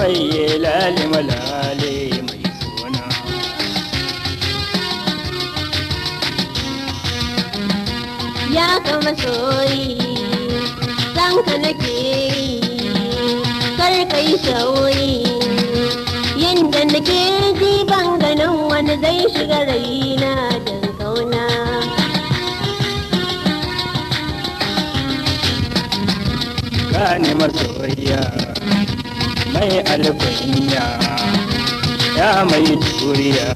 waiye lale malale mai suna ya kama soyi san ka nake yi kar ka yi sauyi yadda nake ji ban ganin wani zai shiga mai alfahimiya ya mai juriya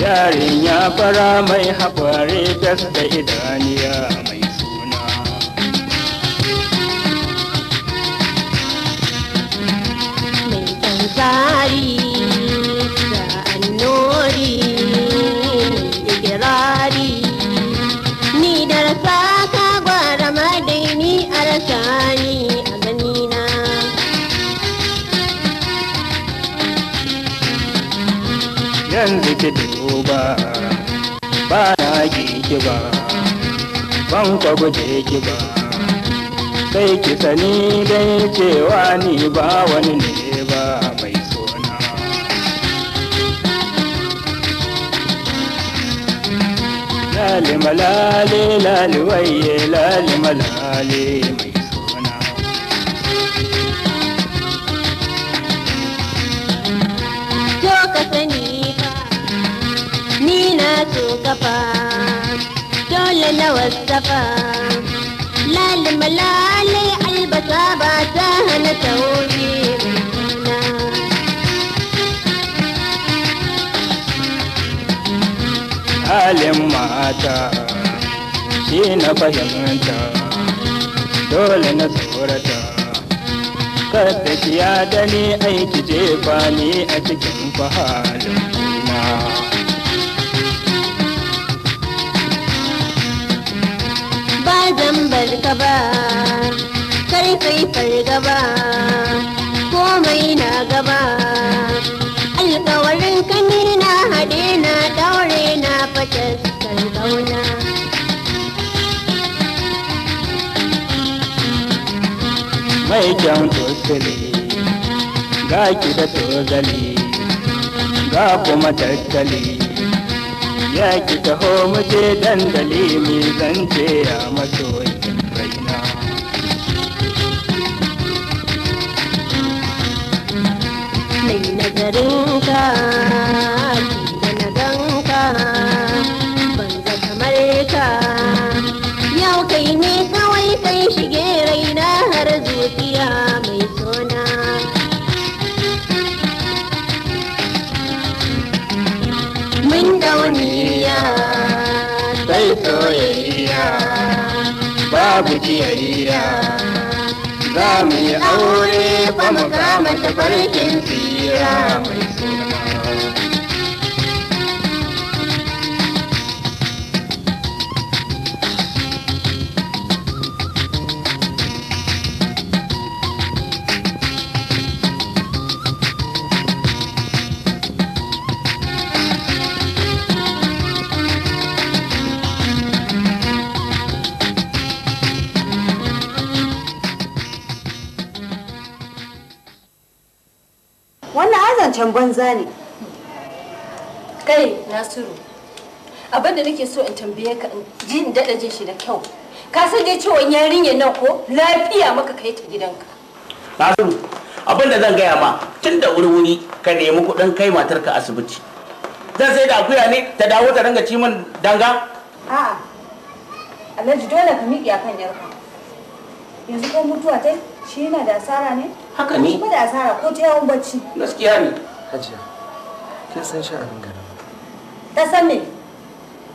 yarin ya fara mai haƙware gas da idaniya ki ba ban ka guje ki ba kai ki sani dai cewa ni ba wani ne ba mai sona lali malale lali waye lali malale mai sona ka sani ba ni na to gaba na wasafa lali malali albasa ba ta hana halin mata shi na fahimta dole na tsorata kada ki ya dani aiki jefa ni a cikin fahalin lambar ka ba gaba fargaba komai na gaba alkawarin ka na haɗe na daure na fatas kalgauna mai kyan tosili ga ki da tozali ga kuma tattali ya ki taho mu je dandali mi zance ya masoyin raina mai nazarin na ban ga kamar ka yau kai ne kawai sai shige ku ciyayya za mu yi aure ba mu kama tafarkin tsira mai suna zancen banza ne kai nasiru abin da nake so in tambaye ka jin in daɗa jin shi da kyau ka san dai cewa yarinyar nan ko lafiya maka kai ta gidanka nasiru abin da zan gaya ma tun da wuri-wuri ka nemi kuɗin kai matarka asibiti zan sai da akuya ne ta dawo ta ranga cimin danga a'a alhaji dole ka miƙe akan yarka yanzu ko mutuwa ta shi yana da asara ne haka ne ba da asara ko ta yawon bacci gaskiya ne hajiya kin san sha'anin garin ta san me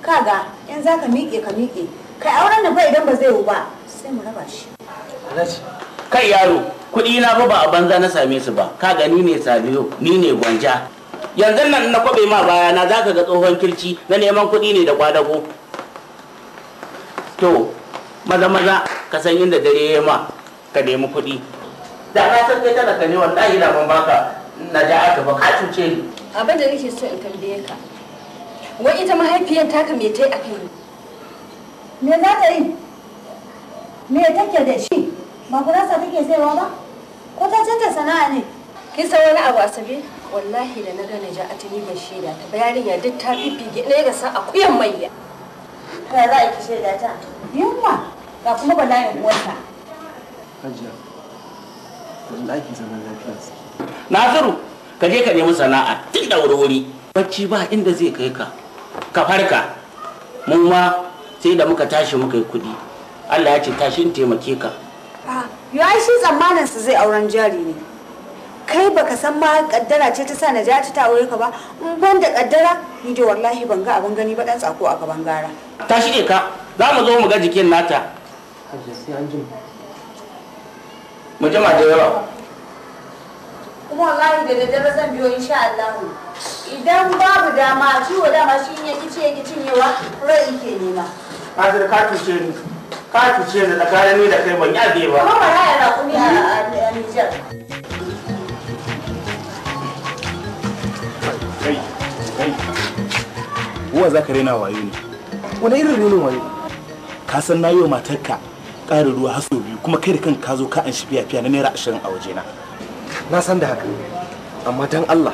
kaga in za ka miƙe ka miƙe kai auren da fa idan ba zai yi ba sai mu raba shi alhaji kai yaro kuɗi na fa ba a banza na same su ba ka ni ne sabiyo ni ne gwanja yanzu nan na kwaɓe ma baya na ka ga tsohon kirci na neman kuɗi ne da kwadago to maza maza ka san inda dare ya ma ka nemi kuɗi da na san kai talaka ne wallahi da ban baka na ja'aka ba ka cuce ni abin da nake so in tambaye ka wai ita mahaifiyar taka me tai a kai me za ta yi me take da shi ba ku rasa take saiwa ba ko ta canza sana'a ne kin san wani abu asabe wallahi da na ga na ja'atu ni ban shaida ta ba ya duk ta fifige ne ga san akuyan manya ka za ki shaida ta yamma ga kuma bala'in uwarta hajiya wallahi zaman lafiyarsa nasiru ka je ka nemi sana'a tun da wuri bacci ba inda zai kai ka ka farka mu ma sai da muka tashi muka yi kuɗi allah ya ce tashi in taimake ka ah, ya shi tsammanin su zai auren jari ne kai baka san ma kaddara ce ta sa na ja ta aure ka ba in ban da kaddara ni da wallahi ban ga abin gani ba dan tsako a gaban gara tashi ne ka za mu zo mu ga jikin nata mu jima da yawa kuma wallahi da daddare zan biyo insha Allah idan babu dama ciwo dama shi ne kice yake cinyewa rai ke nema Azir ka cuce ni ka cuce ni tsakanin ni da kai ban yabe ba kuma ba ya da kuni a Niger Uwa za ka rena wayo ne. Wani irin renin wayo? Ka san na yi wa matarka ƙarin ruwa haso biyu kuma kai da kanka ka zo ka an shi fiya fiya na naira ashirin a wajena. na san da haka amma dan Allah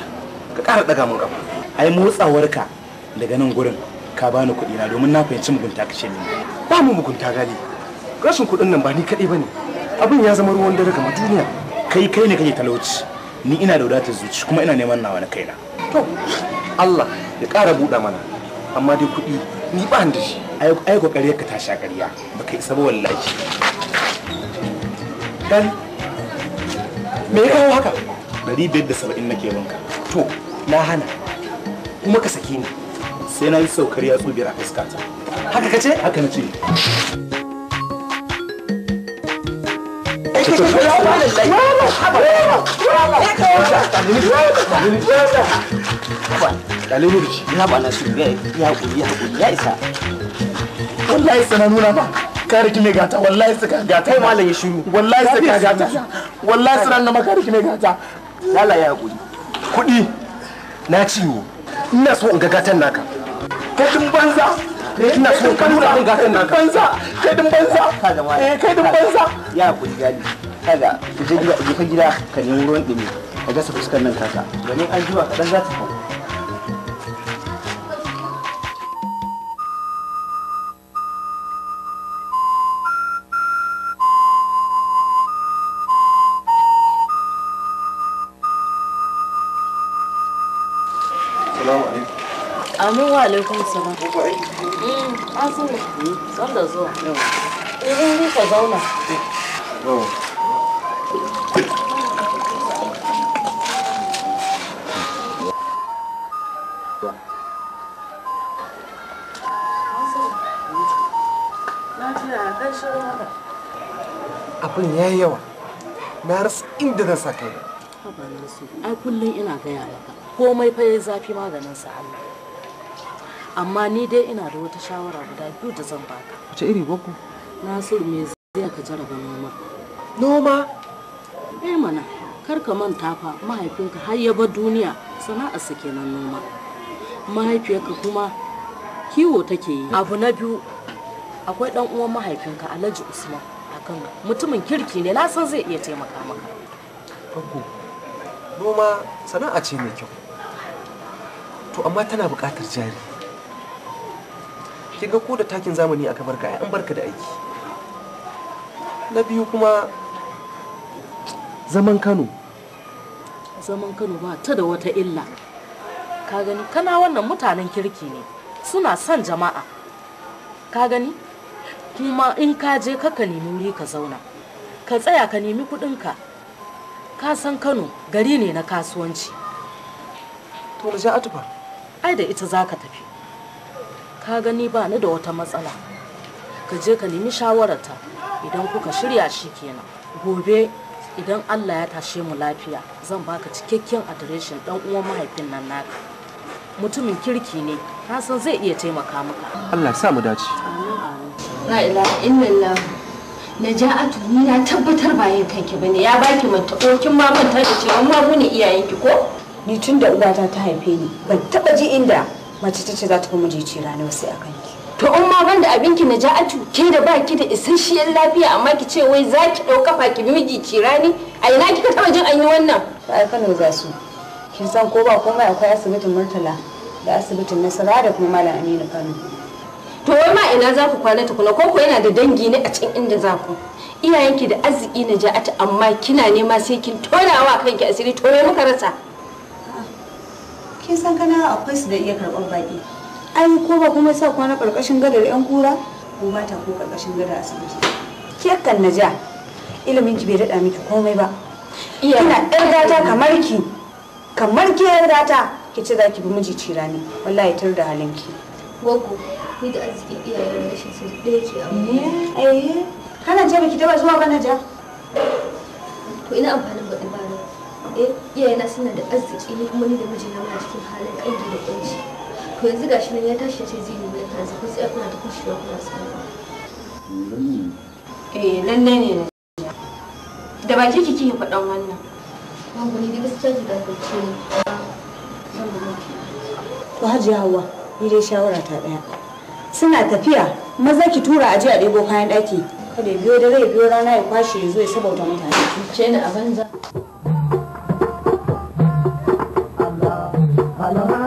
ka ƙara ɗaga min ƙafa ai motsawarka daga nan gurin ka bani kuɗi na domin na fahimci mugunta kace ni ba mu mugunta gani. rashin kuɗin nan ba ni kaɗai bane abin ya zama ruwan dare kamar duniya kai kai ne kake talauci ni ina da wadatar zuci kuma ina neman nawa na kaina to Allah ya ƙara buɗa mana amma dai kuɗi ni ba da shi ai kokari ka tashi a ƙarya baka isa ba wallahi me ya kawo haka ɗari biyar da saba'in nake banka to na hana kuma ka saki ni sai na yi saukar yatsu biyar a fuskata haka ka ce haka na ce da shi. ba su ya haƙuri ya ya isa. Wallahi sana nuna ba. Kare ki gata wallahi suka gata. Kai malam ya shiru. Wallahi suka gata. wallahi sanan na maka rikine gata lala ya hakuri kuɗi na ciwo. ina so in ga gatan naka kadin banza ina so in gatan naka banza banza eh banza ya hakuri gani kaga je gida je ka gida ka nemi ruwan dumi ka gasa fuskar nan kaka wani an jiwa kadan za ta an sani da ya yi yawa na rasa inda na sa kai ai kullum ina gaya maka komai fa yayi zafi maganin sa Allah amma ni dai ina da wata shawara guda biyu da zan baka wace iri ku. nasiru me zai ka jaraba noma noma eh mana kar ka manta fa mahaifinka har ya bar duniya sana'arsa kenan noma mahaifiyarka kuma kiwo take yi abu na biyu akwai dan uwan mahaifinka alhaji usman a kano. mutumin kirki ne na san zai iya taimaka maka gwaggo noma sana'a ce mai kyau to amma tana buƙatar jari Ki ga ko da takin zamani aka barka ai an barka da aiki na biyu kuma zaman Kano zaman Kano ba ta da wata illa ka gani kana wannan mutanen kirki ne suna son jama'a ka gani kuma in ka je ka ka nemi wuri ka zauna ka tsaya ka nemi kuɗinka ka san Kano gari ne na kasuwanci to ja fa ai da ita za ka tafi ka gani ba ni da wata matsala ka je ka nemi shawararta idan kuka shirya shi kenan gobe idan allah ya tashe mu lafiya zan baka cikakken adireshin dan uwan mahaifin nan naka mutumin kirki ne ka san zai iya taimaka maka allah sa mu dace la ilaha naja'atu ni na tabbatar ba yin kanki bane ya baki mata oh, kin da cewa mu ne iyayenki ko ni tun da uwata ta haife ni ban taba ji inda mace ta ce za ta kuma je ce rana wasu a kanki to in ma banda abinki na ja'atu ke da baki da isasshiyar lafiya amma ki ce wai za ki fa ki bi miji ci rani a ina kika taɓa jin an yi wannan ba a kano za su kin san ko ba komai akwai asibitin murtala da asibitin nasara da kuma malam aminu kano to wai ma ina za ku kwana tukuna ko ko yana da dangi ne a cikin inda za ku iyayenki da arziki na ja'atu amma kina nema sai kin tonawa kanki asiri to me muka rasa kin san kana akwai su da iya karɓar baƙi ai ko ba kuma sa kwana ƙarƙashin gadar yan kura ko ba ta ko ƙarƙashin gadar asibiti ke kan naja ilimin ki bai daɗa miki komai ba kina ɗan gata kamar ki kamar ki ɗan gata ki ce za ki bi miji cira ne wallahi tur da halin ki gogo ni da arziki iyayen rashin su ɗaya ke amma eh, eh, eh kana je baki taɓa zuwa ba naja Ko ina amfanin ba eh iyayena suna da arziki ne kuma ni da mijina muna cikin halin aiki da kunci to yanzu gashi nan ya tashi ce zai nemi kansa ko sai kuna ta kushewa kuna sarrafa eh lallai ne na da baki kike ki faɗan wannan babu ni da gaskiya ki da kace ne to hajiya hawa ni dai shawara ta daya suna tafiya maza ki tura aje a ɗebo kayan ɗaki kada biyo dare biyo rana ya kwashe ya zo ya sabauta mutane ce ne a banza Aló.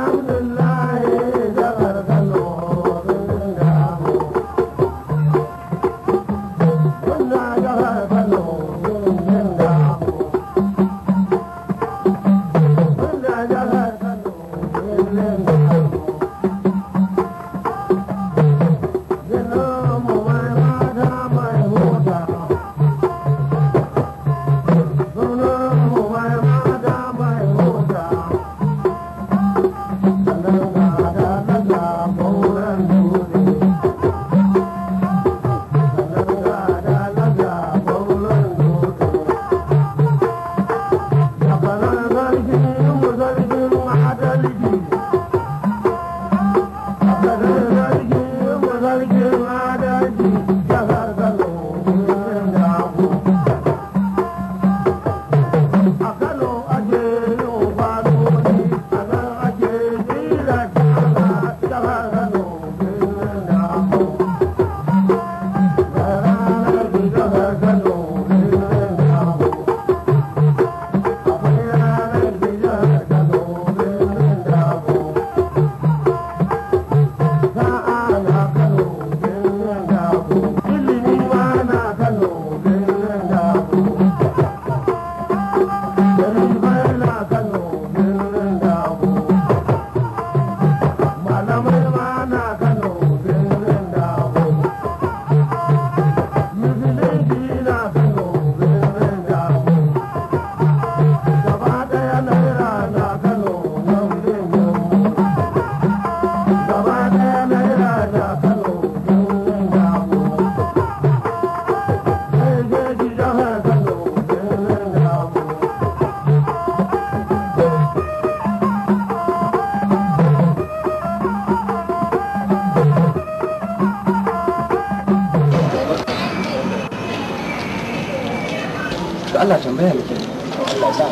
to Allah tambaya muke to Allah sa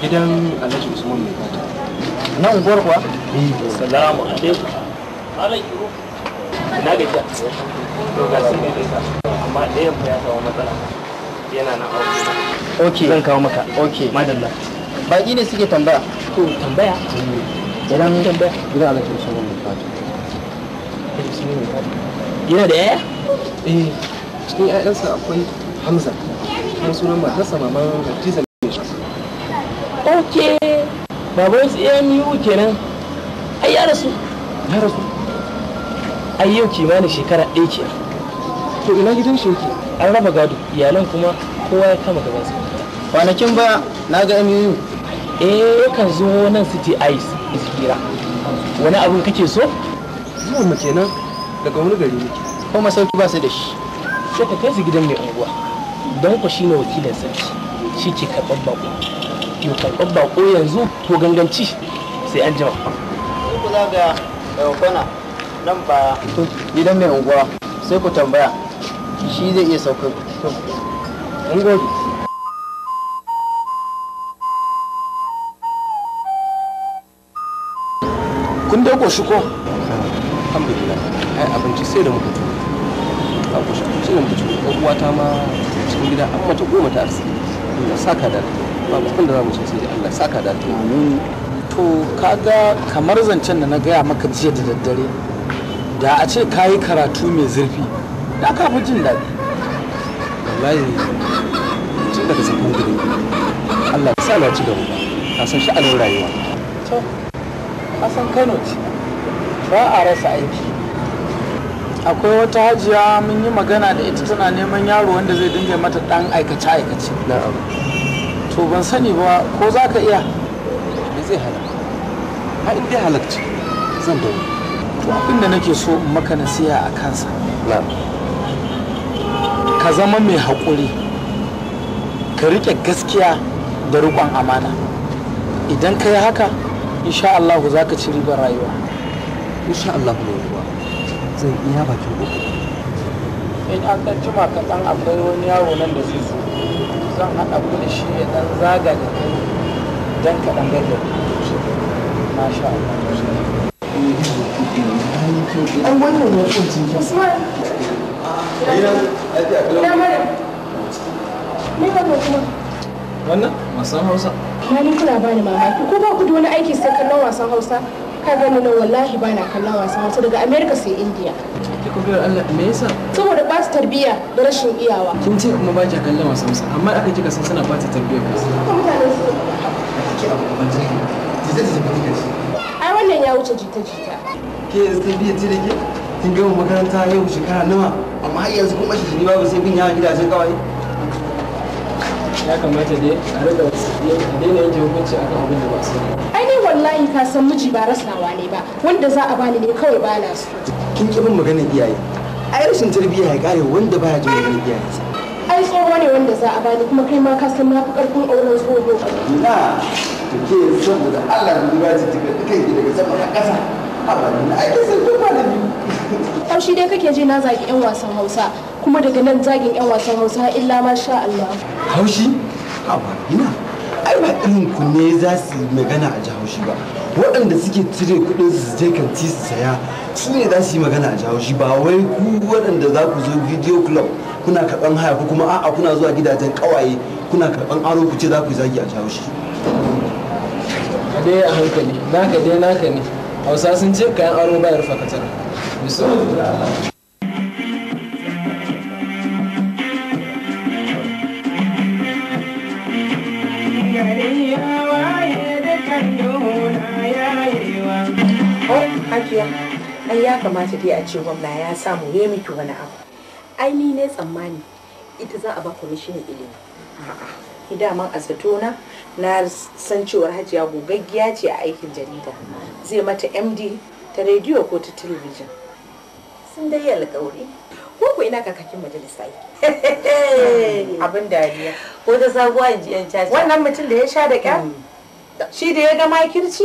gidan Alhaji Usman mai fata nan gwar kuwa assalamu alaikum alaikum na gaji to ga sun ne dai amma ɗayan fa ya samu matsala yana na aure okay zan kawo maka okay madalla baki ne suke tambaya to tambaya idan tambaya gidan Alhaji Usman mai fata yana da yaya? eh cikin 'ya'yansa akwai hamza kuma sunan matarsa maman Hadiza ok baban su amu kenan ai ya rasu ya rasu ai yau kimanin shekara ɗaya ke to ina gidan shi yake an raba gado iyalan kuma kowa ya kama gabansa kwanakin ba na ga amu eh kan zo nan city ice iskira wani abin kake so zuwa mu kenan daga wani gari ne kuma sauki ba su da shi sai ka kai su gidan mai unguwa don ku shine wakilin sarki shi ke karɓar bako yo karɓar bako yanzu to ganganci sai an jima sai ku zaga kwana eh, nan ba gidan mai unguwa sai ku tambaya shi zai iya saukar an gode kun dai koshi ko alhamdulillah ai abinci sai da muka tuwo ku shi sai da muka uwa ta ma cikin gida an mace goma ta arziki Allah saka da ba abin da za mu ce sai Allah saka da ta to kaga kamar zancen da na gaya maka jiya da daddare da a ce ka yi karatu mai zurfi da ka fi jin daɗi wallahi tun daga sakan gudu. Allah ya sa na ci gaba ka san sha'anin rayuwa to ka san Kano ce ba a rasa aiki akwai wata hajiya mun yi magana da ita tana neman yaro wanda zai dinga mata dan aikace aikace to ban sani ba ko za ka iya me zai hala ha in dai halakci zan dawo to abin da nake so in maka nasiha a kansa ka zama mai haƙuri ka riƙe gaskiya da riƙon amana idan ka yi haka insha Allah za ka ci ribar rayuwa insha Allah ne zai iya bakin kokari in an ɗan cima kaɗan akwai wani yawo nan da zai zo zan haɗa ku da shi ya ɗan zaga da kai don kaɗan gaggau masha Allah an wannan ya kunci Usman ina mara ba kuma wannan wasan Hausa na ni kuna bani mamaki ko ba ku da wani aiki sai kallon wasan Hausa ka gani nan wallahi bana kallon wasan hausa daga america sai india ki biyar allah me yasa saboda ba su tarbiyya da rashin iyawa kin ce kuma ba ki kallon wasan hausa amma aka ji san suna ba ta tarbiyya ba su mutane su ai wannan ya wuce jita-jita ke yanzu tarbiyya ce da ke kin gama makaranta yau shekara nawa amma har yanzu kuma shi ne babu sai bin yawon gidajen kawai ya kamata dai a rika daina yanke hukunci akan abin da ba su ai wallahi ka san miji ba rasawa ne ba wanda za a bani ne kawai ba na so kin ki mun magana iyaye ai rashin tarbiyya ya kare wanda baya jin magana iyaye ai tsoho ne wanda za a bani kuma kai ma ka san na fi karfin auren tsoho na to ke saboda Allah mu ba ji daga kai ki daga sama ka kasa abani na ai sai ko ba da biyu dai kake ji na zagi yan wasan Hausa kuma daga nan zagin yan wasan Hausa illa ma sha Allah haushi abani na ai ba irin ku ne za su yi magana a jihoshi ba waɗanda suke cire kuɗin su je kanti su saya su ne za su yi magana a jihoshi ba wai ku waɗanda za ku zo video club kuna karɓan haya ko kuma a'a kuna zuwa gidajen ƙawaye kuna karɓan aro ku ce za ku yi zagi a jihoshi. dai a hankali naka dai naka ne hausa sun ce kayan aro bayar fakatar. hajiya ai ya kamata dai a ce gwamna ya samu ya miki wani abu ai ni ne tsammani ita za a ba kwamishinan ilimi ni daman a satona na san cewar hajiya gogaggiya ce a aikin jarida zai mata md ta rediyo ko ta talabijin sun dai alƙawari ko ku ina kakakin majalisa yi abin dariya ko ta sabuwa jiyan caca wannan mutum da ya sha da kya mm. shi da ya ga makirci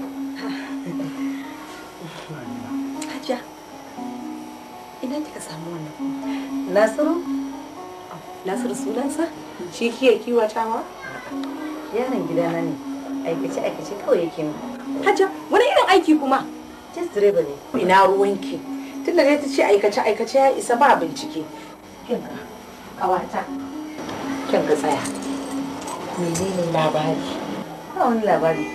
ina kika samu wannan nasiru nasiru sunansa shi kiya kiwatawa yaron gidana ne aikace aikace kawai yake mu hajja wani irin aiki kuma Ce direba ne ina ruwanki tun da ta ce aikace aikace ya isa ba bincike Kinka. awata Kinka tsaya menene labari ba wani labari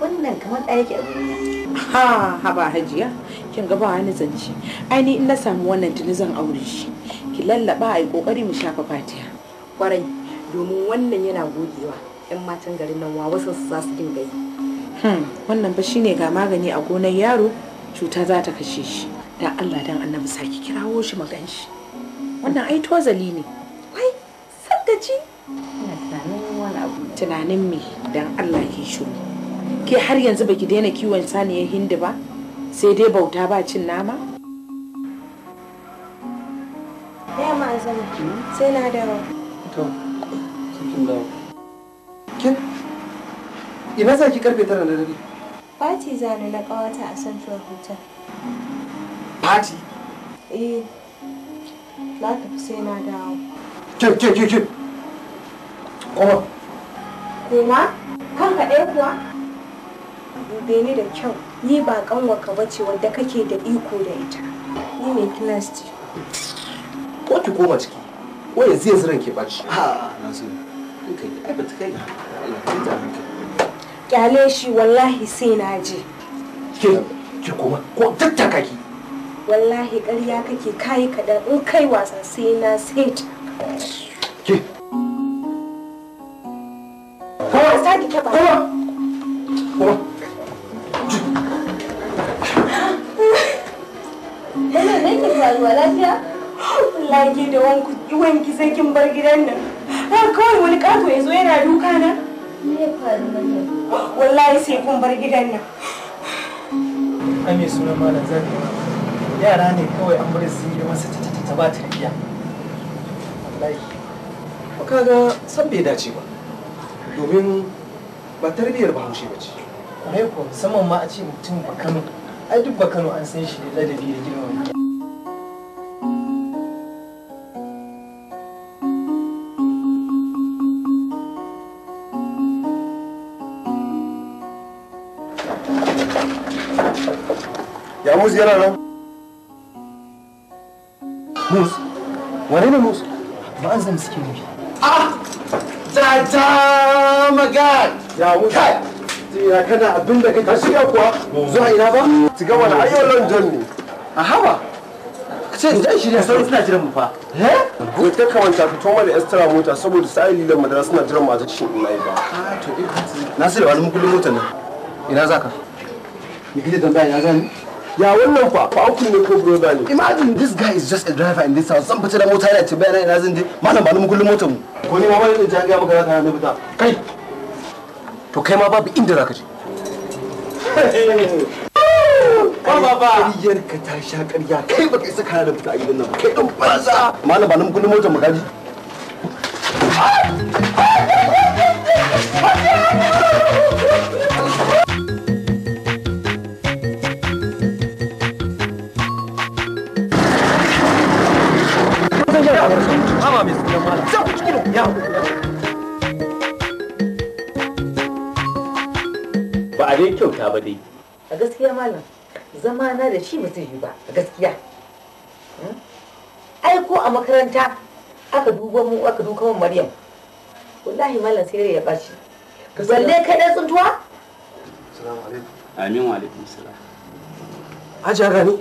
wannan kamar ɗaya yake a duniya. ha ha ba hajiya kin ga ba wani zance aini in na samu wannan tuni zan aure shi ki lallaba ai kokari mu shafa fatiya kwarai domin wannan yana gogewa yan matan garin nan wa wasu su za su dinga yi hmm, wannan ba shine ga magani a gonar yaro cuta za ta kashe shi da Allah dan annabi saki kirawo shi magan shi wannan ai tozali ne wai saddaci tunanin wani abu tunanin me dan Allah ke shiru ke har yanzu baki daina kiwon saniyar hindu ba sai dai bauta ba cin nama ya ma'azana sai na dawo to kin dawo kin ina za ki karfe tara da dare fati zanu na kawata a central hotel fati eh na tafi sai na dawo ke ke ke ke kuma kuma kan kaɗai kuwa dube ni da kyau ni ba kanwa ka ce wadda kake da iko da ita ni ne class ce ko ki koma ciki ko yanzu yanzu ke ɓaci ha na kai ai ba ta kai ga Allah ta ta kyale shi wallahi sai na je ke ki koma ko tattaka ki wallahi ƙarya kake kayi kaɗan in kai wasa sai na sai ta ke ko sai ki ba ko ko Bello ne ke faruwa lafiya? Lage da wanki sai kin bar gidan nan. Har kawai wani ƙato ya zo yana duka na. Me ya faru wannan? Wallahi sai kun bar gidan nan. Ame suna malam zan yara ne kawai an bar su yi masa ta ba tarbiyya. Wallahi. Kaga san bai dace ba. Domin ba tarbiyyar bahaushe ba ce. me ko musamman ma a ce mutum ba Kano ai duk ba Kano an san shi da ladabi da girma Ya Muzi yana nan? Mus, wane ne Mus? Ba an zama suke nufi. Ah! Jaja Magad! Ya Muzi! ya kana abin da kake shiga kuwa zuwa ina ba ci ga wani ayyukan London ne a hawa ce in jan shirya sauri suna jiran mu fa eh ko ta kawanta fito mana extra mota saboda sai da madara suna jiran mu a cikin ina ah, eh, ba to na sai wani mukullin mota nan ina zaka ni kike tambaya ya gani ya wannan fa fa aku ne ko brother ne imagine this guy is just a driver in this house zan fita da mota yana tambaya na ina zan je malam ba ni mukullin motar mu ko ni ma ba ni ta ga maka na fita kai to kai ma babu inda zaka je ƙaryar ka ta sha ƙarya kai baka isa kana da fita a gidan nan kai ɗan banza malam ba nan kudin motar magaji Mama, Miss ba a dai kyauta ba dai a gaskiya malam zama na da shi ba zai yi ba a gaskiya hmm? ai ko a makaranta aka duba mu aka duka mun maryam wallahi malam sai ya bashi balle kai dan tsuntuwa assalamu alaikum amin wa alaikum salam aja gani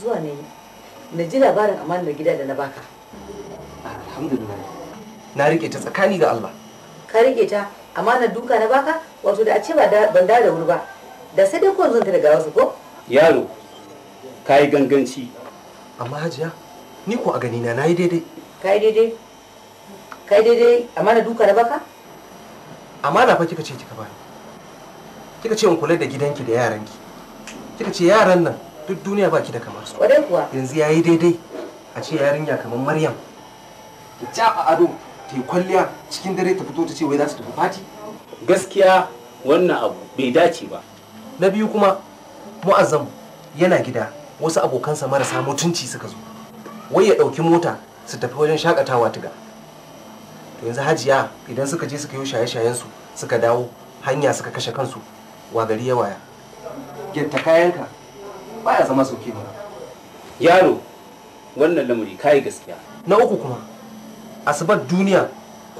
zuwa ne na ji labarin amana gida da na baka alhamdulillah na rike ta tsakani ga Allah ka rike ta amma na duka na baka wato da a ce ban da da wuri ba da sai dai kun zanta daga wasu ko yaro ka yi ganganci amma hajiya ni ko a ganina na yi daidai ka yi daidai ka yi daidai amma na duka na baka amma na fa kika ce kika bani kika ce in kula da gidanki da yaranki kika ce yaran nan duk duniya baki da kamar su wadai kuwa yanzu yayi daidai a ce yarinya kamar maryam ki a ado ta yi kwalliya cikin dare ta fito ta ce wai za su tafi fati gaskiya wannan abu bai dace ba na biyu kuma mu'azzam yana gida wasu abokansa marasa mutunci suka zo wai ya ɗauki mota su tafi wajen shakatawa tuga to yanzu hajiya idan suka je suka yi shaye-shayen su suka dawo hanya suka kashe kansu wa gari ya waya getta kayanka baya zama sauke ba. yaro wannan lamari kai gaskiya na uku kuma asabar duniya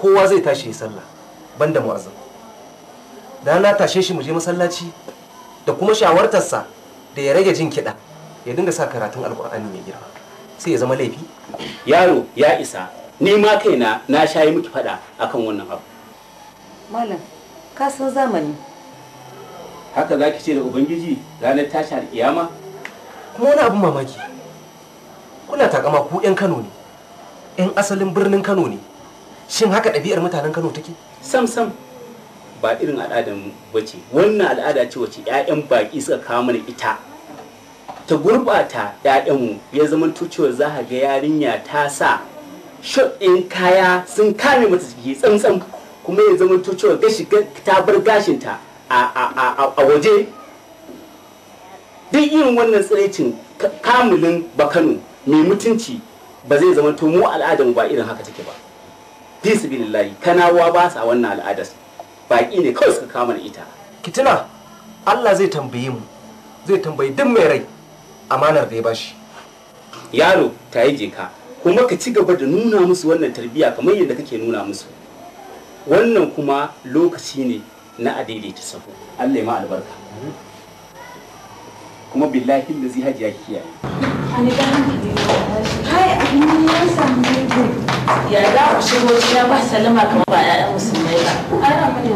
kowa zai tashi ya sallah ban da mu'azzam da na tashe shi mu je masallaci da kuma shawartarsa da ya rage jin kiɗa ya dinga sa karatun alkur'ani mai girma sai ya zama laifi yaro ya isa ni ma kaina na shayi miki faɗa akan wannan abu malam ka san zamani haka za ki ce da ubangiji ranar tashi alkiyama kuma wani abu mamaki kuna takama ku 'yan kano ne 'yan asalin birnin kano ne shin haka ɗabi'ar mutanen kano take sam sam ba irin al'adar ba ce wannan al'ada ce wace 'ya'yan baƙi suka kawo mana ita ta gurɓata 'ya'yanmu ya zama cewa za ka ga yarinya ta sa shoɗin kaya sun kame mata jiki tsantsan kuma ya zama cewa gashi ta bar gashinta a waje duk irin wannan tsiraicin kamulin kano mai mutunci ba zai zama to mu al'adar ba irin haka take ba fi su bilillahi kanawa ba sa wannan al'adar baki ne kawai suka kama ni ita kitina Allah zai tambaye mu zai tambayi duk mai rai amanar da ya bashi yaro ta yi jeka kuma ka ci gaba da nuna musu wannan tarbiyya kamar yadda kake nuna musu wannan kuma lokaci ne na adaidaita sahu Allah ya ma albarka kuma billahi da zai hajiya kiyaye ya za ku shigo gida ba salama kamar ba ya'yan musulmai ba ai abu ne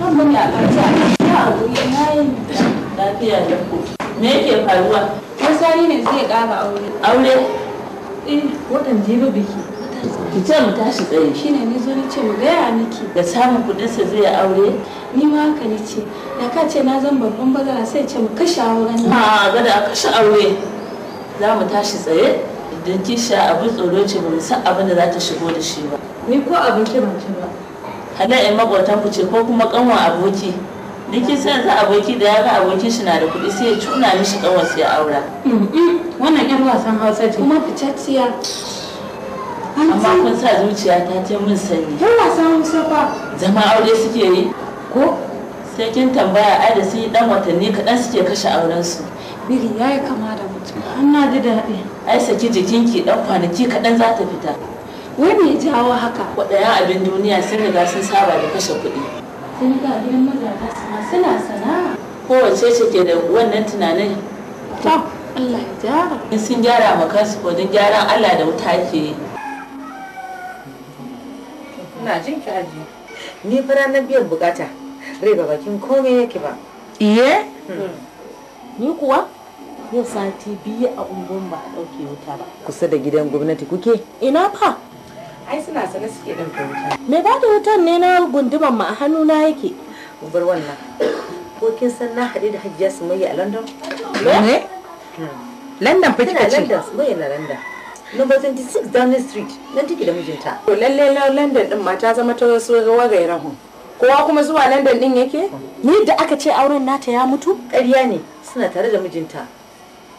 ba mun ya karta ya abu ya yi lafiya da ku me yake faruwa wasani ne zai ƙara aure aure eh wadan jibi biki ki ce mu tashi tsaye shine ni zo ni ce mu gaya miki da samun kudin sa zai aure ni ma haka ni ce da ka ce na zan babban bazara sai ce mu kashe auren ha gada a kashe aure za mu tashi tsaye idan kisha abin tsoro ce ba mu san abin da za ta shigo da shi ba ni ko abinci ban ci ba halayen makwatan ku ce ko kuma kanwan aboki Niki san za aboki da ya ga abokin shi na da kuɗi sai ya cuna mishi kanwarsa ya aura. Wannan 'yan wasan Hausa ce. Kuma fitacciya. amma kun sa zuciya ta ce mun sani yan wasa hausa ba zama aure suke yi ko sai kin tambaya ai da sun yi dan watanni kaɗan suke kashe auren su biri ya yi kama da mutum an na ji daɗi ai saki jikinki dan kwanaki kaɗan za ta fita wani ya jawo haka Waɗayan abin duniya sun riga sun saba da kashe kuɗi sun ga gidan ma suna sana'a kowace ce ke da wannan tunanin Allah ya jara in sun gyara ma kansu ko don gyaran Allah da wuta ke yi ina jin ki haji ni fara na biyan bukata rai ba bakin komai yake ba iye hmm. ni kuwa yau sati biyu a unguwan ba a ɗauke wuta ba kusa da gidan gwamnati kuke ina fa ai suna sane suke dan wuta me ba da wutan ne na gunduman ma a hannu na yake bar wannan ko kin san na haɗe da hajjiya sumayya a london hmm. london fa kika ce london sumayya na london number 26 Downing Street nan take da mijinta. To lalle London din ma ta zama ta wasu wagairahu. Kowa kuma zuwa London din yake? Ni da aka ce auren nata ya mutu? Ƙarya ne suna tare da mijinta.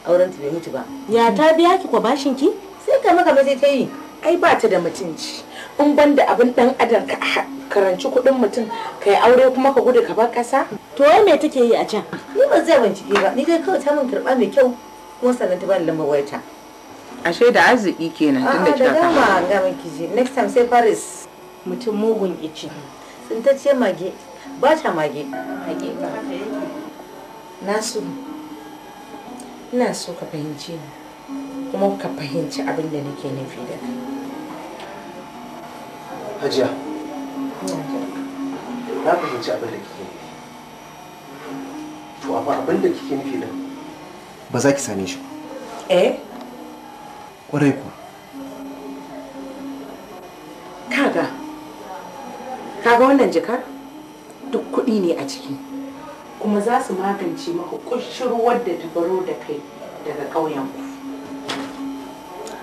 Auren ta bai mutu ba. Ya ta biya ki ko bashin ki? Sai ka maka ba sai ta yi. Ai ba ta da mutunci. In banda abin dan adam ka karanci kuɗin mutum ka yi aure kuma ka gudu ka bar ƙasa? To wai me take yi a can? Ni ba zai bincike ba ni dai kawai ta mun karɓa mai kyau kuma sannan ta bani lambar wayarta. ashe da arziki kenan tun da kika kama ga miki next time sai paris mutum mugun ici sun ta ce mage ba ta mage hakika nasu ina so ka fahimci ni kuma ka fahimci abin da nake nufi da kai hajiya na fahimci abin da kike to amma abin da kike nufi da ba za ki same shi ba eh kwarai kuwa kaga kaga wannan jikar duk kuɗi ne a ciki kuma za su magance maka ƙushirwar da ta baro da kai daga ƙauyenku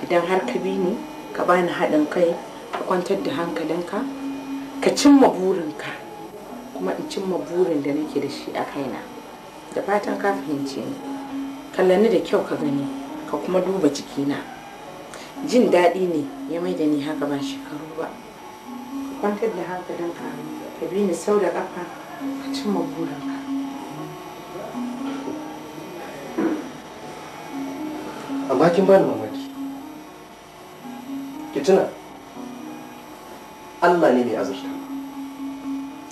idan har ka bi ni ka bani haɗin kai ka kwantar da hankalinka ka cimma burinka kuma in cimma burin da nake da shi a kaina da fatan ka fahimce ni kallani da kyau ka gani ka kuma duba jikina jin daɗi ne ya mai da ni haka ba shekaru ba ka kwantar da don ka bi ni sau da ƙafa a ka cimma ka. amma kin bani mamaki ki tuna Allah ne mai azurta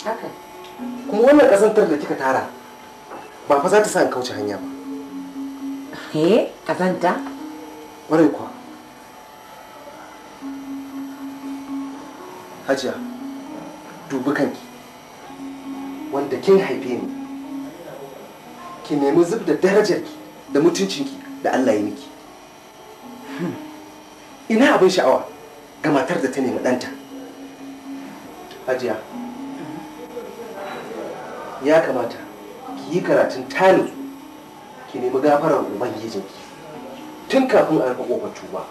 haka kuma wannan kasantar da kika tara ba fa za ta sa in kauce hanya ba eh kazanta ƙwarai kuwa hajiya dubi kanki wanda kin haife ni ki nemi zub da darajarki da mutuncinki da Allah ya miki hmm. ina abin sha'awa ga matar da ta nemi ɗanta hajiya ya kamata ki yi karatun tani ki nemi gafarar ki tun kafin a rufe ƙofar tuba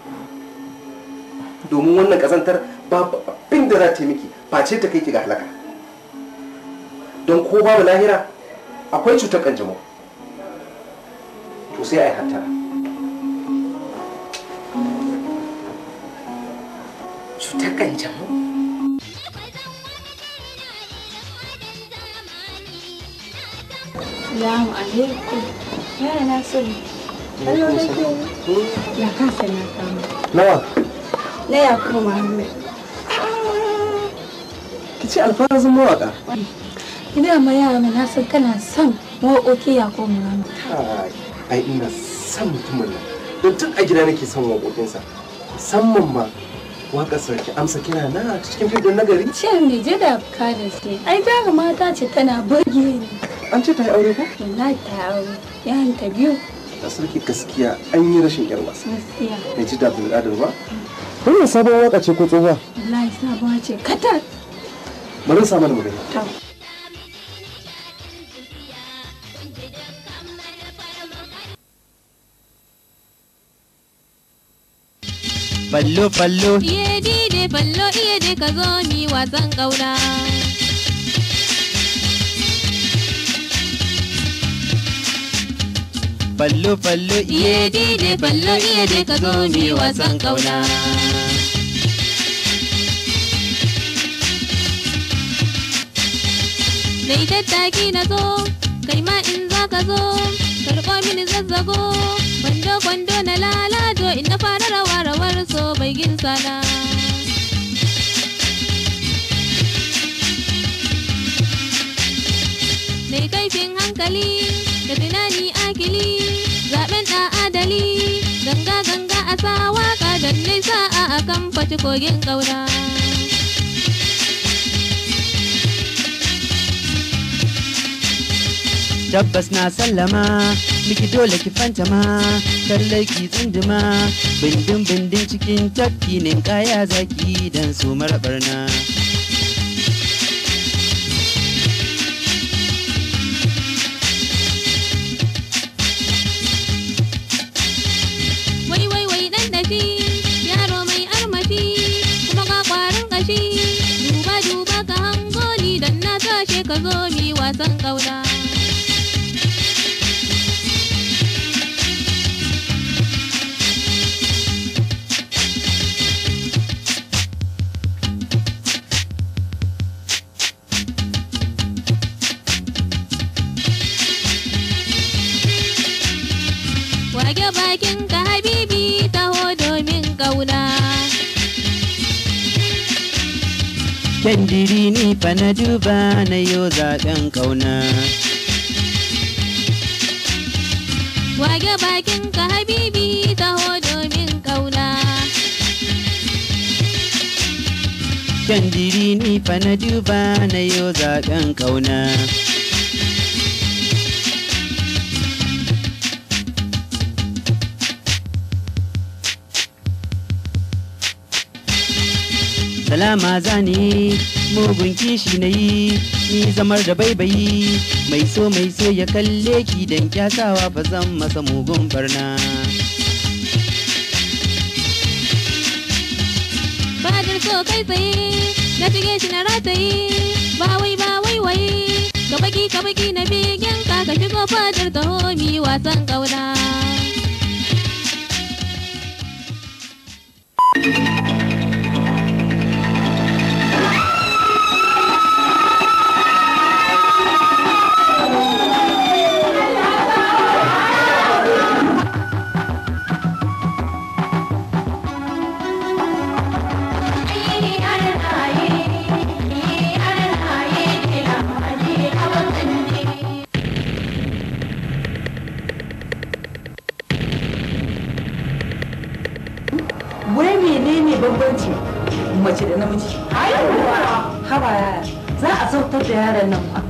domin wannan ƙazantar babu abin da za ta miki face ta kai ki ga halaka don ko babu lahira akwai cutar kanjamau to sai a yi hantara cutar kanjamau mu alaikum. Ya na sani. Hello, thank you. Na na kama. Nawa? Na Muhammad. ce alfarazin mawaka ina ma yara na san kana son waƙoƙi ya ko murama ai ina son mutumin nan don tun a gida nake son waƙoƙinsa musamman ma waƙar sarki amsa kira na cikin fidon nagari ce mai je da kada ce ai ga mata ce tana burge ni an ce ta yi aure ko Na ta yi aure Ya ta biyu Ta sarki gaskiya an yi rashin yar wasa gaskiya bai ji da bin ba wannan sabon waka ce ko tsohuwa wallahi sabon ce katar bari sa mana magana ballo ballo iye dide ballo iye de ka zo mi wasan kauna ballo ballo iye dide ballo iye de ka zo mi wasan kauna da daddaki na zo kai ma in za ka zo karɓo mini zazzago kwando kwando na lalato in na fara rawa rawar so bai gin sana mai kaifin hankali da tunani akili zaɓen da adali ganga ganga a sa waka don nisa a kan faci kogin ƙaura. tabbas na sallama miki dole ki fantama lallai ki tsunduma bindin bindin cikin tafki ne kaya zaki dan su marabar na Duba duba ka hangoli don na tashe ka zo mi wasan ƙauna. tandiri ni fa na duba na yo zaɓen ƙauna. Wage bakin ka habibi taho domin ƙauna. Tandiri ni fa na duba na yo zaɓen ƙauna. dama zane mugun kishi na yi ni zamar da baibayi mai so mai so ya kalle ki dan kyasawa ba zan masa mugun barna Fadar so kai tsaye na cike shi na rataye ba wai ba wai wai ka baki ka baki na begen ka ka shigo fadar taho mi wasan kauna sautar da yaran nan ba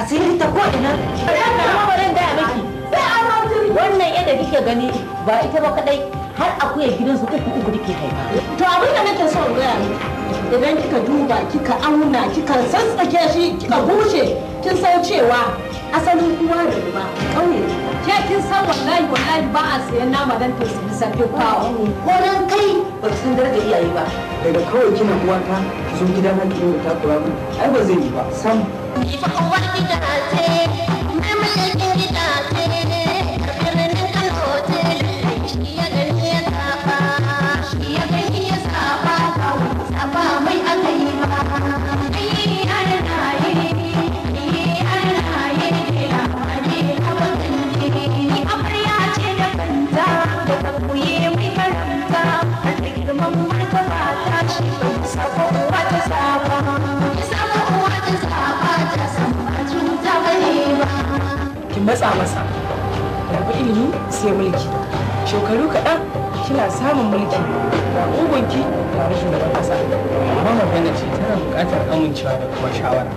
asiri ta ko ina lamarin da miki sai an hau wannan yadda kike gani ba ita ba kadai har akuya gidansu uku uku kike haifa to abin da nake so in gaya miki idan kika duba kika auna kika sassake shi kika bushe kin san cewa asalin kuma da ba ƙauye ke kin san wallahi wallahi ba a sayan nama dan tausayi sarki kawo ko dan kai ba ki san iyaye ba daga kawai kina uwata zo gida na ki ta kura ai ba zai yi ba sam ki fa ce matsa masa rabu ilimi sai mulki shekaru kaɗan kina samun mulki ga ugunki tare shugaban ƙasa amma magana ce tana buƙatar amincewa da kuma shawara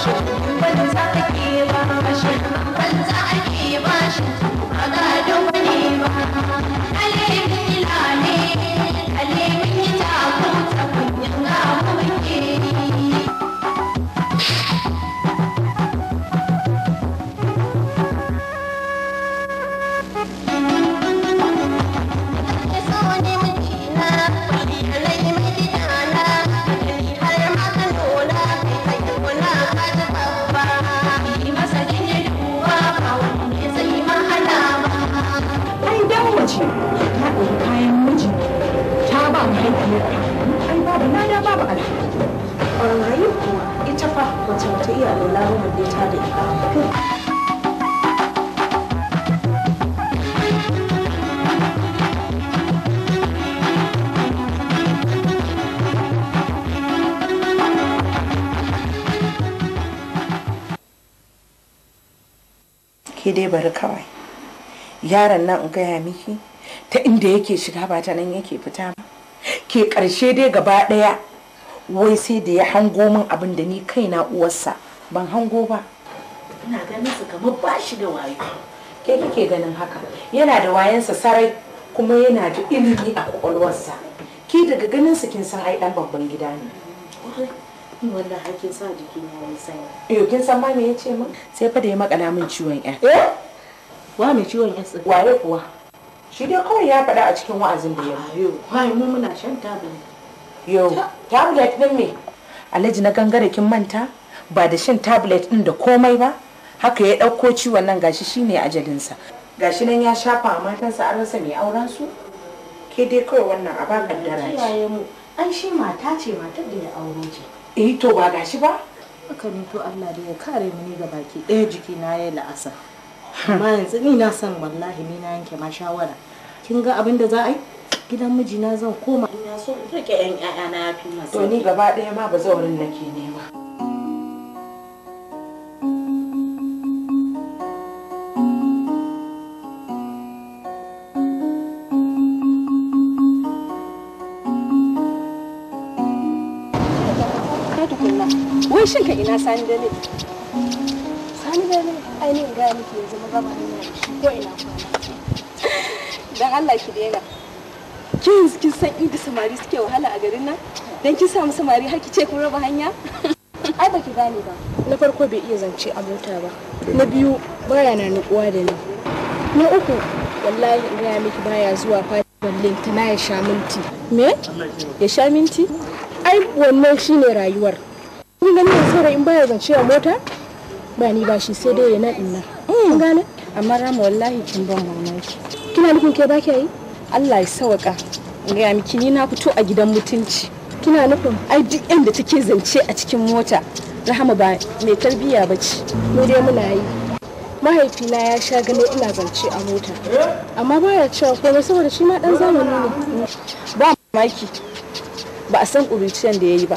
Thank you. iya alwala ba ta da ita ke dai bari kawai yaron nan in gaya miki ta inda yake shiga ba ta nan yake fita ba ke ƙarshe dai gaba ɗaya wai sai da ya hango min abin da ni kaina uwarsa ban hango ba ina ganin su kamar ba shi da wayo ke kike ganin haka yana da wayansa sarai kuma yana da ilimi a kwakwalwarsa ki daga ganin su kin san ai dan babban gida ne wannan hakin sa jikin ya yi sanyi yo kin san ma me yace min sai fa da ya makala min ciwon ya eh wa mai ciwon ya tsin waye kuwa shi dai kawai ya faɗa a cikin wa'azin da ya yi yo wai mu muna shan tablet yo tablet din me alhaji na gangara kin manta ba da shan tablet ɗin da komai ba haka ya ɗauko ciwon nan gashi shine ajalinsa gashi nan ya shafa matansa an rasa mai auren su ke dai kawai wannan a ba kaddara ce an shi mata ce matar da ya auro ce eh to ba gashi ba haka to Allah da ya kare mu ne ga baki ɗaya jiki na ya la'asa amma yanzu ni na san wallahi ni na yanke ma shawara kin ga abin da za a yi gidan mijina zan koma ina so rike yan ƴaƴa ya fi masu to ni gaba ɗaya ma ba zaurin nake nema Shin ka ina sani da ne sani da ne ainihin gaya miki yanzu mu gama hanya ko ina kwana dan Allah ki daina kin kin san inda samari suke wahala a garin nan Don kin samu samari har ki ce kun raba hanya ai baki gane ba na farko bai iya zance a mota ba na biyu baya na nukuwa da ni na uku wallahi in gaya miki baya zuwa fati balle tana ya sha minti me ya sha minti ai wannan shine rayuwar kun gani da in baya zance a mota ba ni ba shi sai dai ya nan nan kun gane amma rama wallahi kin ban mamaki kina nufin ke ba ki yi Allah ya sawaka ga miki ni na fito a gidan mutunci kina nufin ai duk inda take zance a cikin mota rahama ba mai tarbiya ba ce mu dai muna yi mahaifina ya sha gani ina zance a mota amma ba ya cewa komai saboda shi ma dan zamani ne ba mamaki ba a san kuruciyan da ya yi ba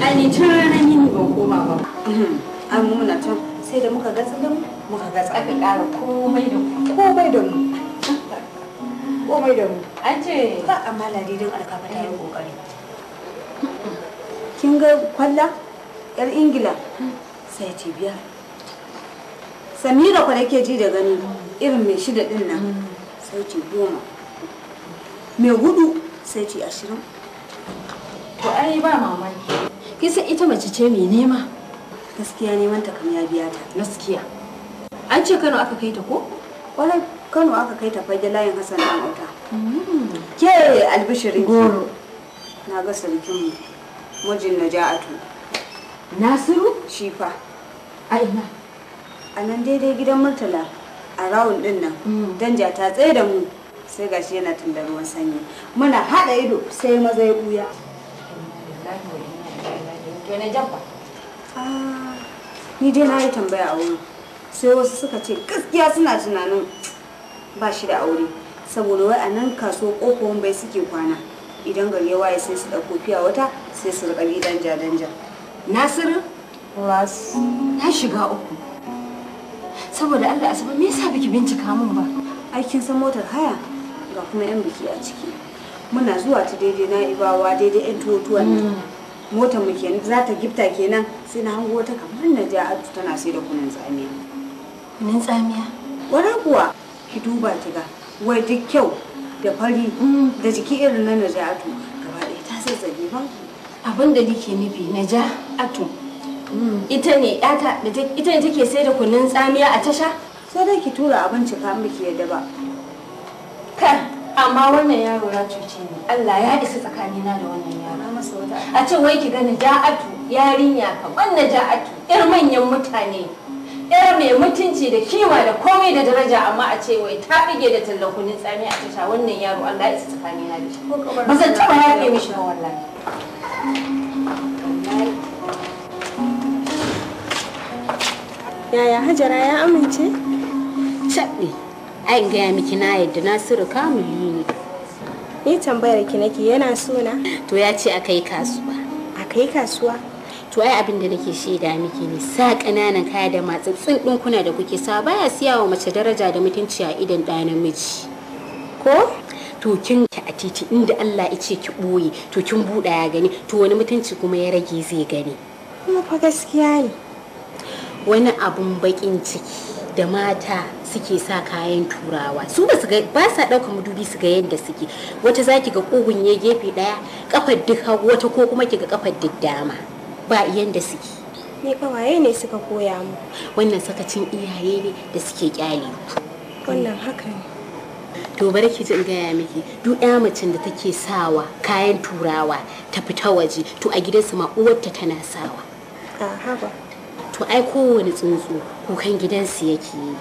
ai ni ranar yini ban koma ba mhm. an muna tun sai da muka gatsa din muka gatsa aka ƙara komai da komai da mu komai da mu an ce ba amma ladidin alkaba ta yi kokari hmm. kin ga kwalla yar ingila sai ce biyar samira kwa ke ji da gani irin mai shida din nan hmm. sai ce goma mai hudu sai ce ashirin To ai ba mamaki. Kisa ita mace ce mai nema. Gaskiya neman ta kam ya biya ta. Gaskiya. An ce Kano aka kai ta ko? Kwarai Kano aka kai ta fage layin Hassan dan Auta. Mm. Ke albishiri. Goro. Na ga sarkin mu. Mijin Naja'atu. Nasiru? shifa fa. A ina. nan daidai gidan Murtala a rawun din nan. Mm. Danja ta tsaye da mu. sai gashi yana tundar ruwan sanyi muna haɗa ido sai maza ya buya Ni dai na yi tambaya a wuri Sai wasu suka ce gaskiya suna tunanin ba shi da aure. Saboda wai a nan kaso ƙofofin bai suke kwana. Idan gari ya waye sai su ɗauko fiya wata sai su rika bi danja danja. Nasiru? Las. Na shiga uku. Saboda Allah asabar me yasa biki bincika min ba? Aikin san motar haya ga kuma 'yan biki a ciki. muna zuwa ta daidai na ibawa daidai yan tuwo-tuwon mota mm. motar mu kenan za ta gifta kenan sai na hango ta kamar na ja a tana sai da kunin tsamiya kunin tsamiya wani kuwa ki duba ki ga wai duk kyau da fari mm. da jiki irin na naja'atu gaba ɗaya ta zazzabe ba abin da nake nufi naja'atu mm. ita ne yata ita ne take sai da kunin tsamiya a tasha sai dai ki tura abinci ka miki yadda ba amma wannan yaro na cuce ni Allah ya isa tsakanina da wannan yaro a ce wai ki gani ja'atu yarinya ka banna ja'atu yar manyan mutane yar mai mutunci da kima da komai da daraja amma a ce wai ta bige da tallakunin tsami a tasha wannan yaro Allah ya isa tsakanina da shi ba zan taba yaƙe mishi ba wallahi yaya hajara ya amince shaɗe ayin in gaya miki na yadda nasiru kamuli ne ni tambayar ki nake yana suna to ya ce akai kasuwa akai kasuwa to ai abin da nake shaida miki ne sa ƙananan kaya da matsatsin kuna da kuke sa baya siya wa mace daraja da mutunci a idan ɗa namiji ko to kin ki a titi inda Allah ya ce ki boye to kin buɗa ya gani to wani mutunci kuma ya rage zai gani kuma fa gaskiya ne wani abun baƙin ciki da mata suke sa kayan turawa su ba su ba sa ɗauka madubi su ga yadda suke wata za ki ga kogun ya gefe daya kafar duk hagu wata ko kuma ki ga kafar duk dama ba yadda suke ne kawaye ne suka koya mu wannan sakacin iyaye ne da suke kyale wannan haka ne to bari ki jin gaya miki duk ɗaya macen da take sawa kayan turawa ta fita waje to a gidansu ma uwarta tana sawa a haba to ai kowane tsuntsu kukan gidansu yake yi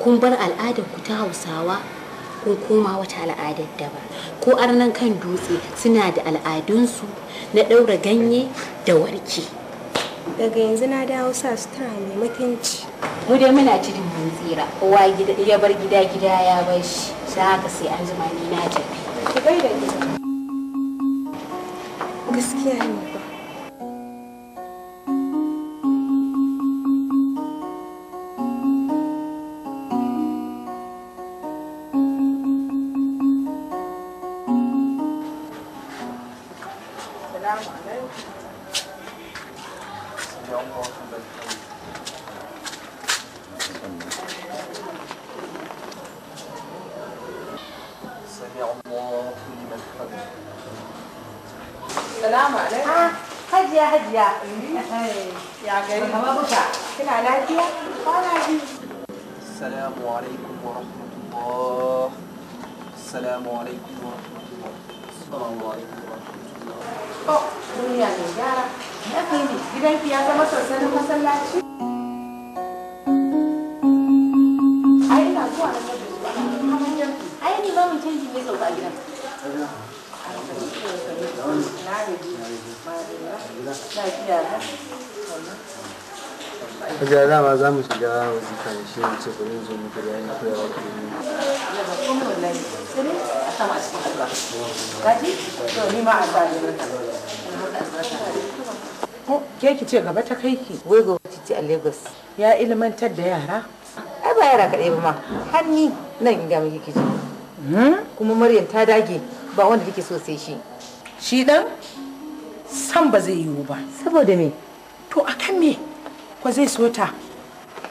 kun bar al'adar ku ta hausawa kun koma wata al'adar daban ko arnan kan dutse suna da al'adunsu na ɗaura ganye da warke. daga yanzu na dawo sa tana mai mutunci mu dai muna cikin mun tsira kowa ya bar gida gida ya bar shi sai haka sai an ni na tafi gaskiya ne ce bari zo muku bayan na koyawa ku ne kuma wallahi sai ne a sama a ke ki ce gaba ta kai ki wai gaba ta a Lagos ya ilmantar da yara ai ba yara kaɗai ba ma har ni nan inda muke kiji hmm? kuma Maryam ta dage ba wanda kike so sai shi shi dan san ba zai yiwu ba saboda me to akan me ko zai so ta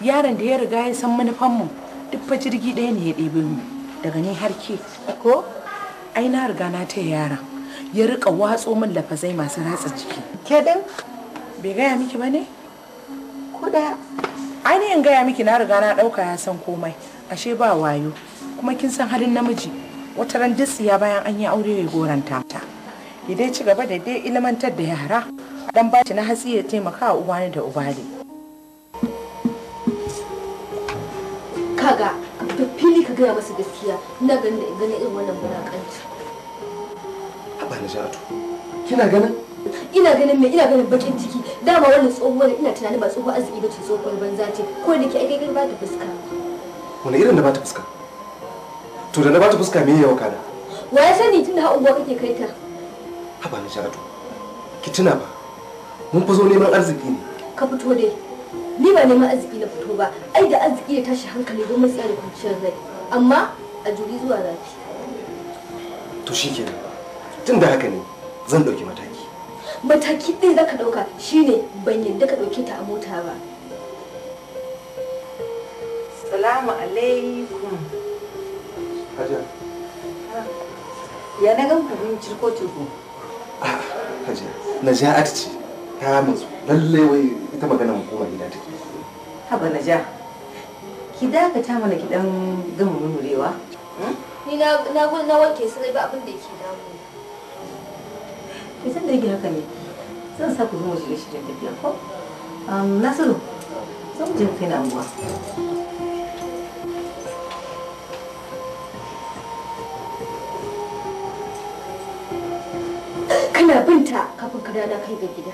yaron da ya riga ya san manufan mu duk fa jirgi ɗaya ne ya ɗebe mu daga ni har ke ko ai na riga na taya yaron ya rika watso min lafazai masu ratsa jiki ke din bai gaya miki ba ne ko da ainihin gaya miki na riga na ɗauka ya san komai ashe ba wayo kuma kin san halin namiji wata ran tsiya bayan an yi aure ya goranta ta ya dai ci gaba da dai ilmantar da yara dan baci na hatsi ya taimaka wa da Ubali. kaga da fili ka gaya masa gaskiya ina ganin da gani irin wannan bulakanci haba na ja'atu kina ganin ina ganin me ina ganin bakin ciki dama wannan tsohuwar ina tunanin ba tsohuwar arziki ce tsohuwar banza ce ko da ke ai kai ba ta fuska wani irin da ba ta fuska to da na ba ta fuska me yawa kana wa ya sani tunda ha unguwa kake kai ta haba na ja'atu ki tuna ba mun fa zo neman arziki ne ka fito dai ni ba neman arziki na fito ba ai da arziki ya tashi hankali don matsaya da kwanciyar rai amma a juri zuwa zafi to shi ke tun da haka ne zan ɗauki mataki mataki ɗaya za ka ɗauka shine ban yadda ka ɗauke ta a mota ba salamu alaikum ya na gan kubin cirko cirko ah, hajiya na ja'at ce ta matsu lallai wai ita magana hukumar gida take haba na ja ki dakata mana ki dan gama murmurewa hmm? ni na na wanke su ba abin da ke damu ki san da yake haka ne zan sa ku zo shirye shirye tafiya ko um, nasiru zan je kai na anguwa kana binta kafin ka dada kai ga gida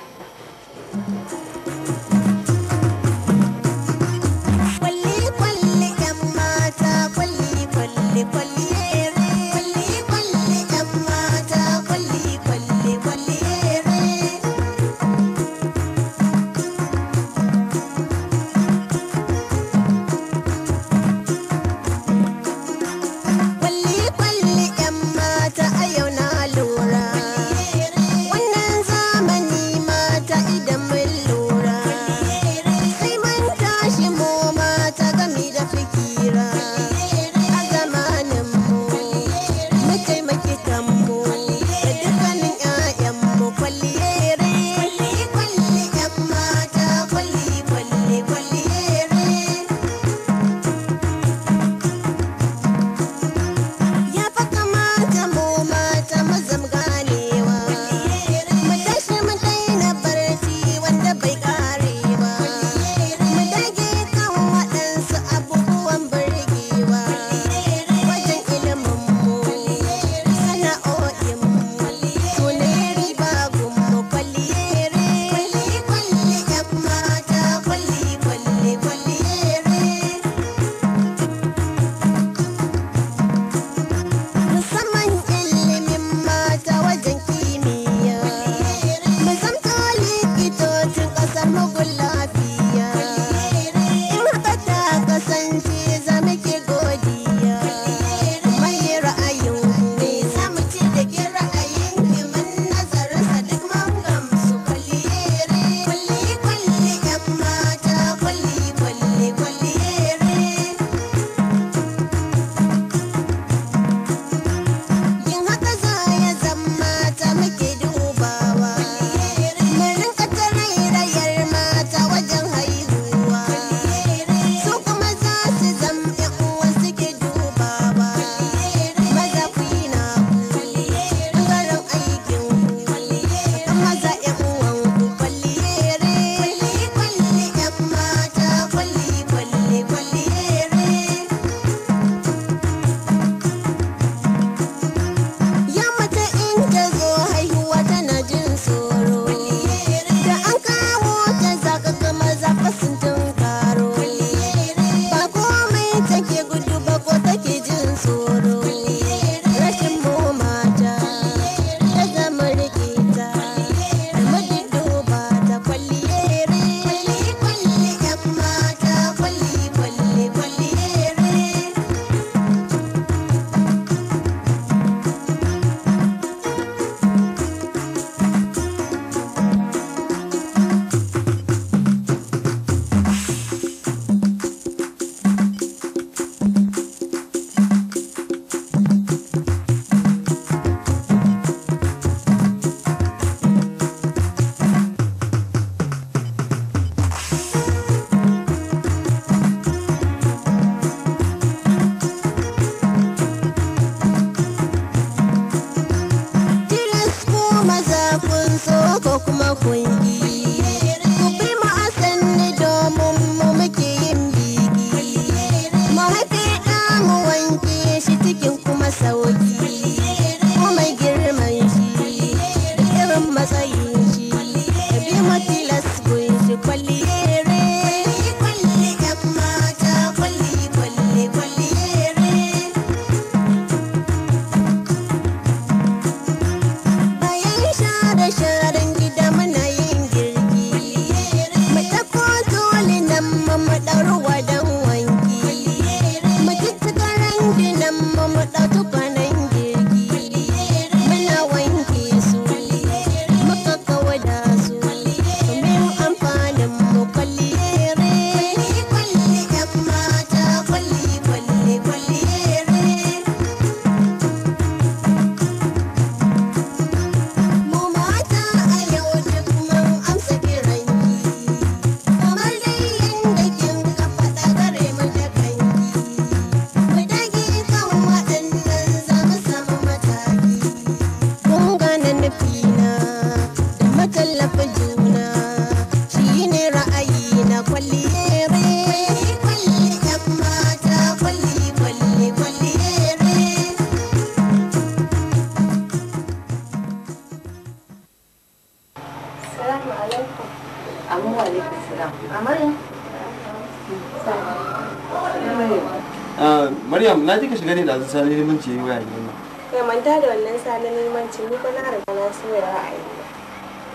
da su sani limanci ya yi waya ne kai manta da wannan sani limanci ni ko na riga na sauya ra'ayi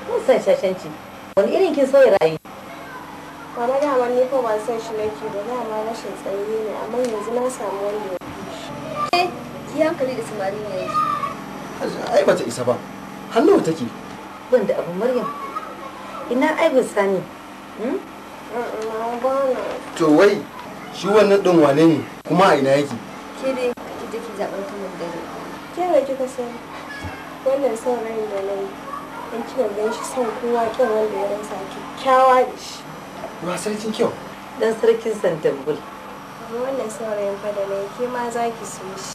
mun san shashanci wani irin kin sauya ra'ayi na dama ni ko ban san shi nake ba dama rashin tsayi ne amma yanzu na samu wani ya fi shi ki hankali da samari ne ai bata isa ba hannu take ban da abu maryam ina aibin sani hmm? to wai shi wannan ɗin wane ne kuma a ina yake ke ka san wannan son rai da nan in kika gan shi son kowa kyan wanda ya rasa kyakkyawa da shi ba sarkin kyau dan sarkin santambul wannan son rai fa da nan ke ma za ki so shi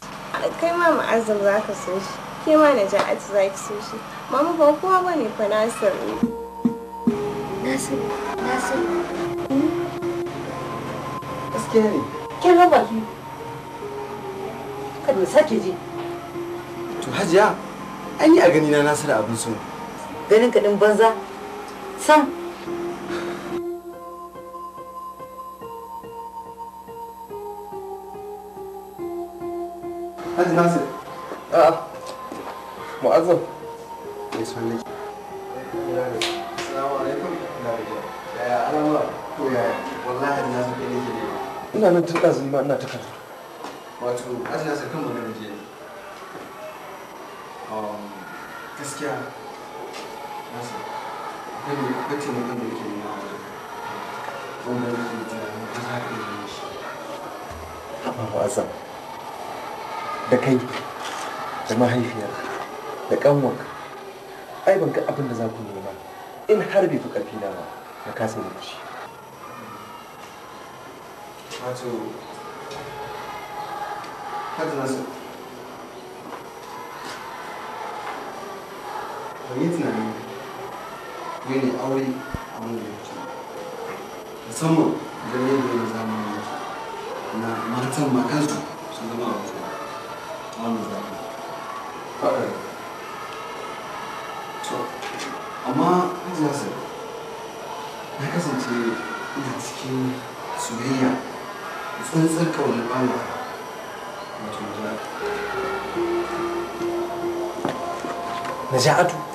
kai ma ma'azam za ka so shi ke ma na ja'atu za ki so shi mama ba kowa ba ne fa nasir nasir nasir gaskiya ne kin raba ki kada sake ji to hajiya an yi a gani na nasu da abin sun. ganin kaɗin banza sam haji Nasir. a ah. Mu'azzam. Ya Ina nan tun ɗazu ma ina ta Wato, Hadi Nasir kan magana jiya gaskiya nasa gani akwai taimakon da yake nuna wanda ya ke tunanin ta za ka yi shi babu azam da kai da mahaifiyar da kanwar ai ban ga abin da za ku nema in har bai fi ƙarfi na ba na kasa da shi wato hajji nasu akwai ne aure a wanda ya ce musamman idan da yin zama ne na matan makansu sun zama a wata a wannan zaɓi faɗar to amma hajiya sai na kasance ina cikin soyayya tsantsar kaunar bawa wato da Naja'atu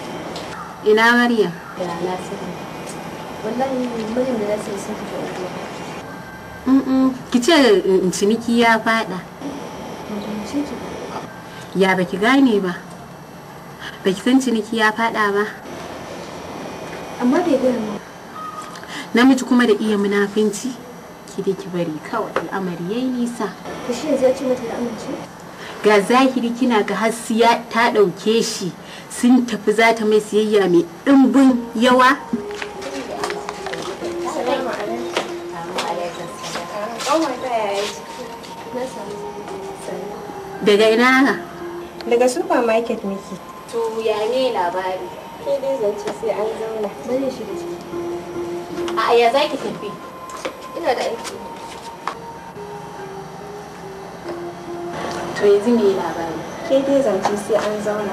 ina maryam da ki ce eh, ciniki ya fada ya baki gane ba baki san ciniki ya fada ba amma bai gaya namiji kuma da iya munafinci ki da ki bari kawai al'amari yayi nisa to shi yanzu ya ce mata ya amince ga zahiri kina ga hasiya ta ɗauke shi sun tafi za ta mai siyayya mai ɗimbin yawa daga ina haka daga supermarket miki to ya ne labari ke dai zance sai an zauna bari shi da ciki a ya zaki tafi ina da aiki to yanzu me labari ke dai zance sai an zauna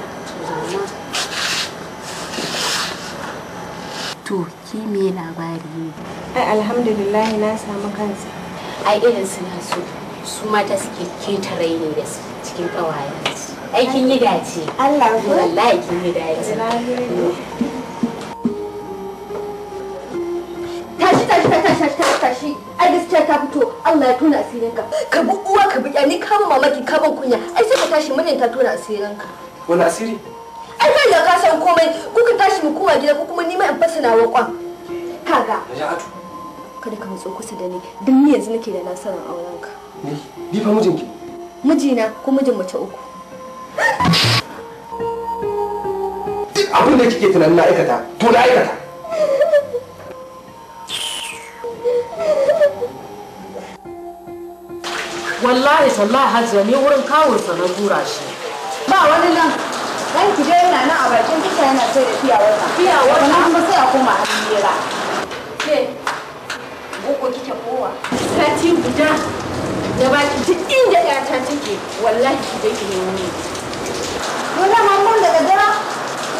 to zauna to labari ne ai alhamdulillah na samu kansa ai irin su na so su mata suke keta raini da su cikin kawayen ai kin yi dace Allah wallahi kin yi dace kana shashi kana tashi ai gaskiya ta fito Allah ya tona asirinka ka bi uwa ka bi ni ka mamaki ka ban kunya ai sai ka tashi mijin ta tona asirinka wani asiri ai kai da ka komai ko ka tashi mu koma gida ko kuma ni ma in fasa na wakon kaga kada ka matso kusa da ni duk ni yanzu nake da nasarar aurenka ni ni fa mijinki mijina ko mijin mace uku duk abin da kike tunanin na aikata to na aikata wallahi sallah hajjiya ne wurin kawunsa na tura shi ba wani nan ɗan ki dai yana nan a bakin duka yana sai da fiya wata fiya wata nan kuma sai a koma a hira ke boko kike kowa sati guda da baki duk inda ƴata take wallahi ki je ki nemi ne wannan mamman daga dara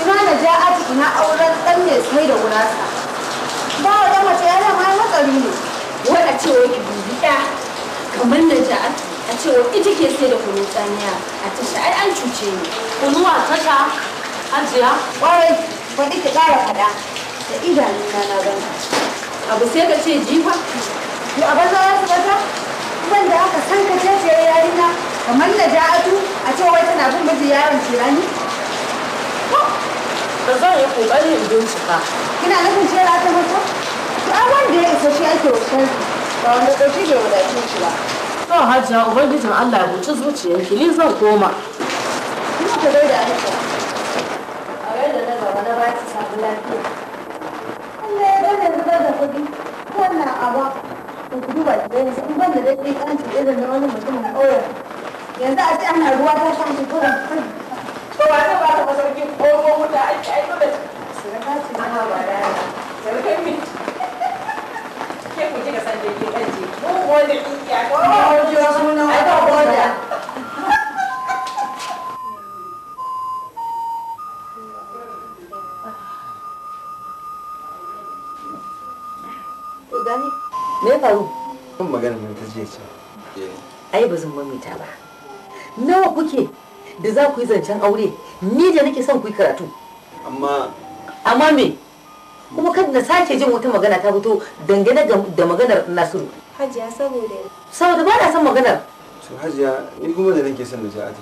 ina na ja aji ina auren ɗan ne sai da gurasa ba wata mace yana mai hatsari ne wai a cewa ke dubi ɗa kamar na ja a cewa ita ke sai da kunu tsamiya a tasha ai an cuce ni kunu a tasha ajiya kwarai wani ki ƙara faɗa da idanun na na ban abu sai ka ce jifa to a banza ya tabbata ban da aka san ka ce ce na, kamar na ja'atu a cewa tana bin miji yaron kirani ba zan yi kokari in bincika kina nufin cewa ta mutu ba wanda ya isa shi ake wutar ba wanda ɗauki bai wadace shi ba hajiya ubangijin Allah ya buci ni zan koma ta a na gaba na lafiya Allah ya kuɗi ku yanzu ban da kan irin na yanzu a ce ana ruwa ta shan shi kuran to ba ta ba ta masauki ko ko aiki aiki da su na na ba da ya sarkin ke ba me magana nan ta eh. ba zan ba nawa kuke da za zancen aure ni da nake son kuyi karatu amma me kuma kan na sake jin wata magana ta fito dangane da maganar Nasiru. Hajiya saboda saboda ba na son maganar. To Hajiya ni kuma da nake son Najatu.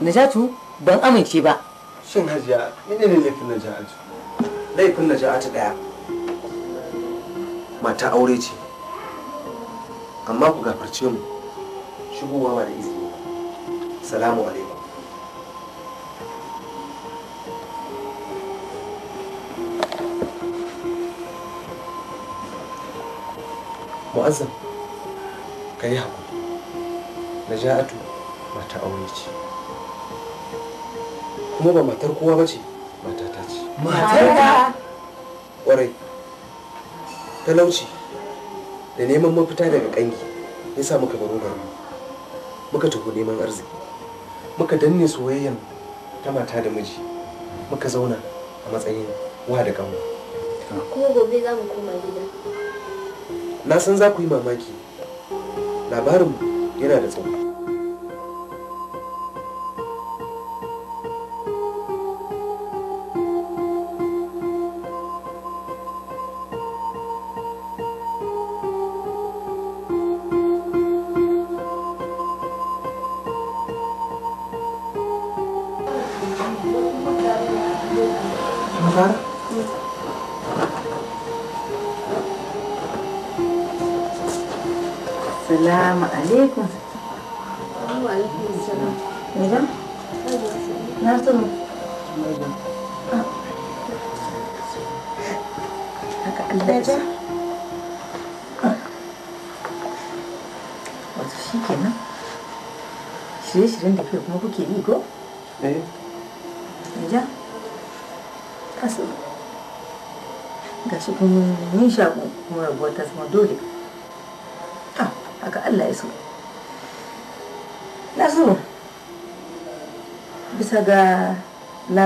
Najatu ban amince ba. Shin Hajiya ina ne laifin Najatu? Laifin Najatu daya. Mata aure ce. Amma ku gafarce mu. Shigowa ba da izini. Salamu alaikum. mu'azzam ka yi haƙuri naja'atu mata aure ce kuma ba matar kowa bace mata ta ce matar ƙwarai talauci da neman mafita daga ƙangi ya sa muka baro garin muka tafi neman arziki muka danne soyayyan ta mata da miji muka zauna a matsayin wa da kanwa ko gobe za mu koma gida na san za ku yi mamaki labarin yana da tsawo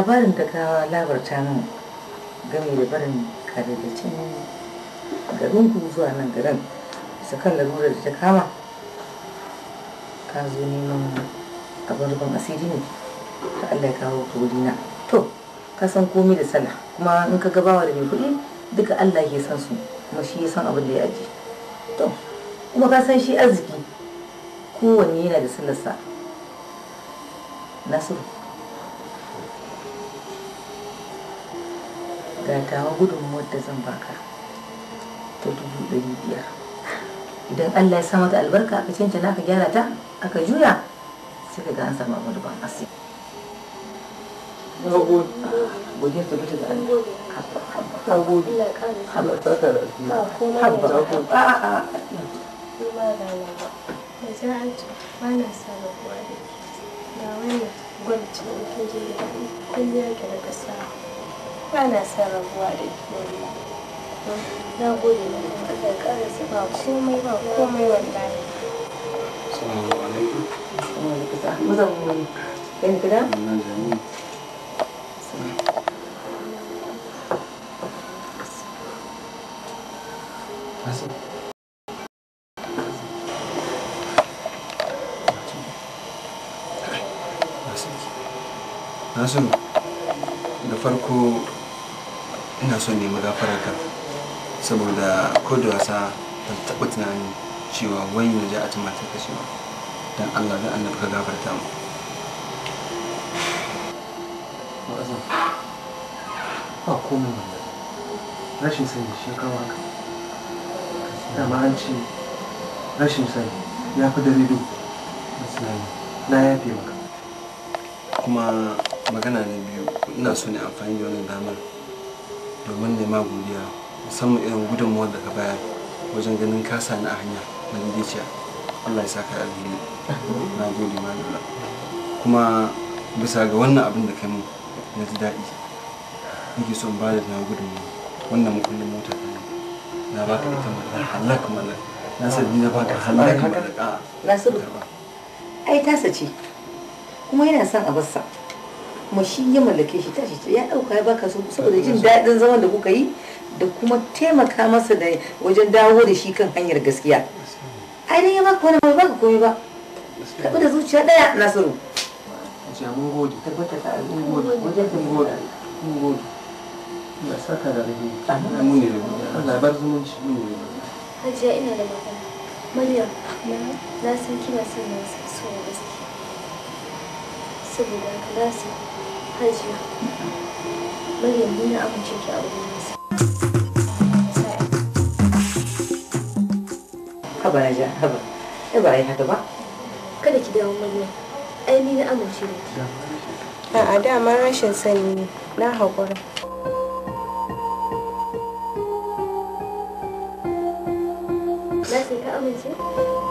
labarin da ka labarta min game da barin garin ku zuwa nan garin su kan larura da ta kama ka zo neman abin rubin asiri ne ta Allah ya kawo kurina to ka san komai da sallah kuma in ka gabawa da mai kuɗi duka Allah ke san su kuma shi ya san abin da ya aji to kuma ka san shi arziki kowanne yana da sallarsa nasiru ga tawa gudunmuwar da zan baka ta dubu ɗari biyar idan allah ya sa mata albarka aka cancan aka gyara ta aka juya sai ka ga an samu abu ban asiri godiya ta bata da ke ba na da ce in da Ana sarrafuwa son da na gode da Allah ya ba komai ba komai wallahi assalamu alaikum alaikum mu gida da farko ina son nemi gafararka saboda ko da wasa ban taɓa tunanin cewa wai na ji a ta matar ka cewa don allah da annabi ka gafarta mu ba komai ba rashin sani shi ya kawo haka dama an ce rashin sani ya fi dalilu na fi maka kuma magana na biyu ina so ne amfani da wannan damar domin nema godiya musamman irin gudunmuwar da ka bayar wajen ganin ka sani a hanya lidiciya allah ya saka alheri na gode malala kuma bisa ga wannan abin da kai na ji daɗi nake son ba da na gudunmu wannan mukullin mota ta ne na ba ka ita mallaka halak mallaka na sani na ba ka halak mallaka nasiru ai tasa ce kuma yana son a bassa. kuma shi ya mallake shi tashi ya dauka ya baka so saboda jin daɗin zaman da kuka yi da kuma taimaka masa da wajen dawo da shi kan hanyar gaskiya ai dan ya baka wani bai baka komai ba kaɓi da zuciya ɗaya nasiru mun gode tabbata ta mun gode wajen mun gode mun gode Allah saka da rabi Allah mun ne rabi Allah bar zumunci mun ne rabi Hajiya ina da magana Maryam na san kina son na so gaskiya saboda haka na Maryam ni na amince a Haba na ja, haba. Ai eh, ba haka ba. Kada ki dawo Maryam. Ai ni na amince da ki. A'a dama rashin sani ne. Na haƙura. Na sai ka amince?